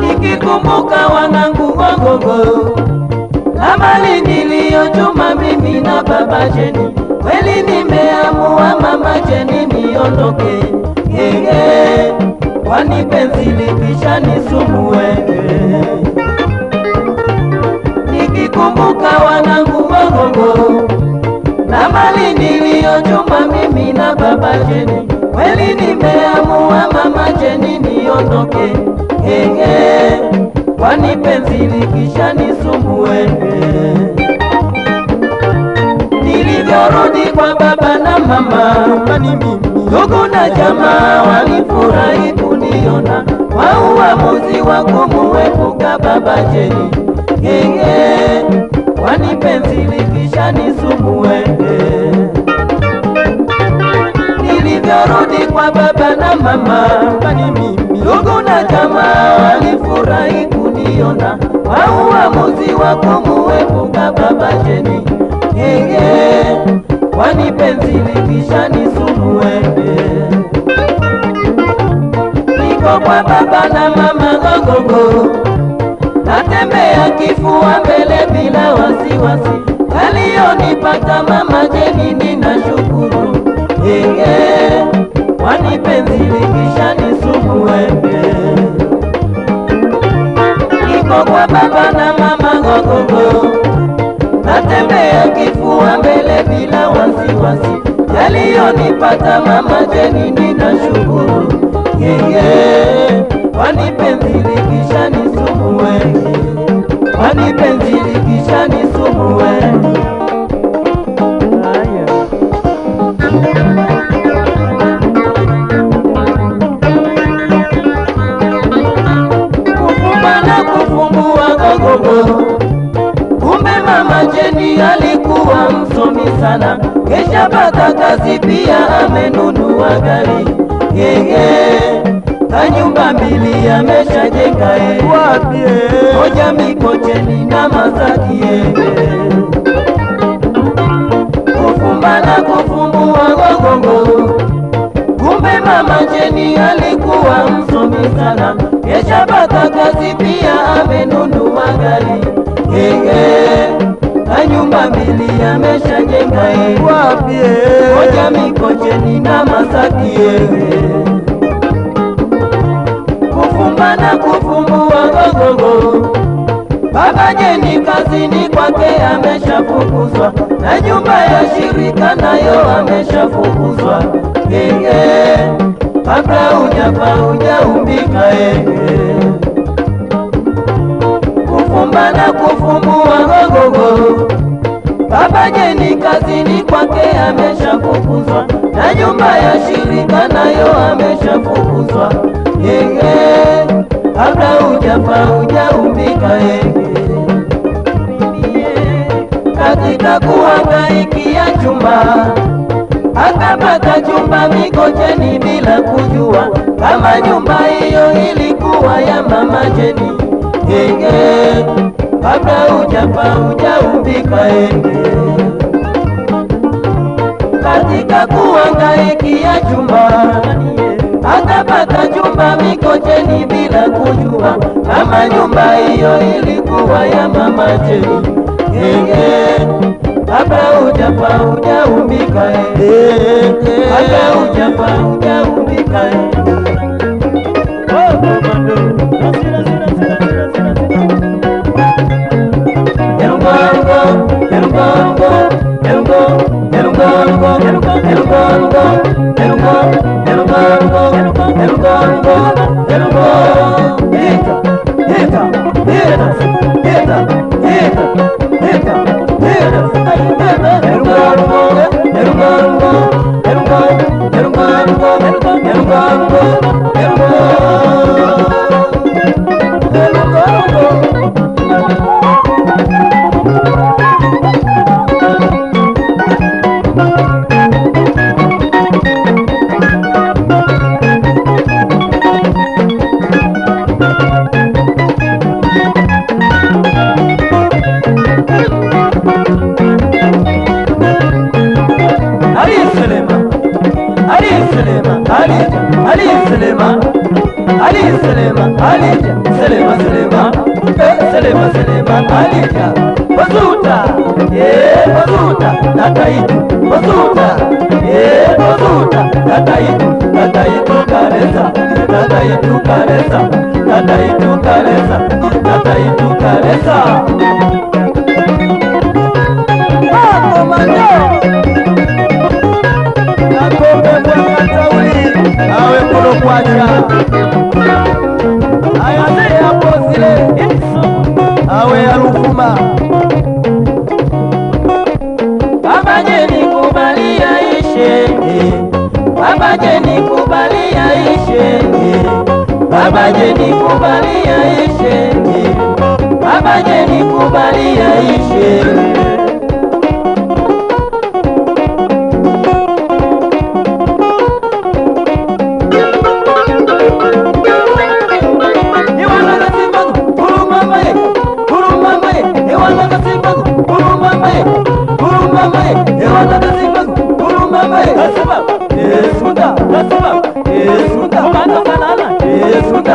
Nikikumbuka wanangu gogogo, amali niliyochuma mimi na baba Jeni, kweli nimeamua mama Jeni niondoke, yeye kwani penzi likisha nisumbue. Nikikumbuka wanangu gogogo na mali niliyojuma mimi na baba Jeni. Kweli nimeamua mama Jeni niondoke, hehe, kwani penzi likisha nisumbue. Nilivyorudi kwa baba na mama, ndugu na jamaa walifurahi kuniona kwa uamuzi wa kumuepuka baba Jeni, hehe kwani penzi likisha nisumbue, nilivyorudi kwa baba na mama, kwani mimi ndugu na jamaa walifurahi kuniona au uamuzi wa kumuepuka baba jeni yeye, kwani penzi likisha nisumbue, niko kwa baba na mama gogogo natembea kifua mbele bila wasiwasi, aliyonipata mama Jeni shukuru Inge kwani penzi likisha nisumbue, niko kwa baba na mama Gogogo, natembea kifua mbele bila wasiwasi, aliyonipata mama Jeni ninashukuru. Inge wanipe nzili kisha nisumbue, wanipe nzili kisha nisumbue. Kufumba na kufumbua gogogo, kumbe mama Jeni alikuwa msomi sana, kesha pata kazi pia amenunua gari yeye yeah, yeah na nyumba mbili ameshajenga e, eh. eh? moja Mikocheni na Masaki e, kufumba na kufumbua Gogongo. Kumbe mama Jeni alikuwa msomi sana, kesha pata kazi pia amenunua gari gege na nyumba mbili ameshajenga e, moja Mikocheni na Masaki e na kufumbua gogongo. Baba Jeni kazini kwake ameshafukuzwa, na nyumba ya shirika nayo ameshafukuzwa. Genge kabla ujafa ujaumbika, yeye kufumba na kufumbua gogongo. Baba Jeni kazini kwake ameshafukuzwa, na nyumba ya shirika nayo ameshafukuzwa yenge kabla hujafa hujaumbika yenge katika kuhangaikia chumba akapata chumba Mikocheni bila kujua kama nyumba hiyo ilikuwa ya mama Jeni. Yenge kabla hujafa hujaumbika yenge katika kuhangaikia chumba Niliomba Mikoteni bila kujua kama nyumba hiyo ilikuwa ya mama Jeni. Genge kabla hujafa hujaumbika, kabla hujafa hujaumbika Era bom, era bom, era bom, era bom. Eita, eita, eita, eita, eita, eita, eita. Era bom, era bom, era bom, era bom, era bom. Ali Suleiman Alija Suleiman Babaje nikubali ya ishe Babaje nikubali ya ishe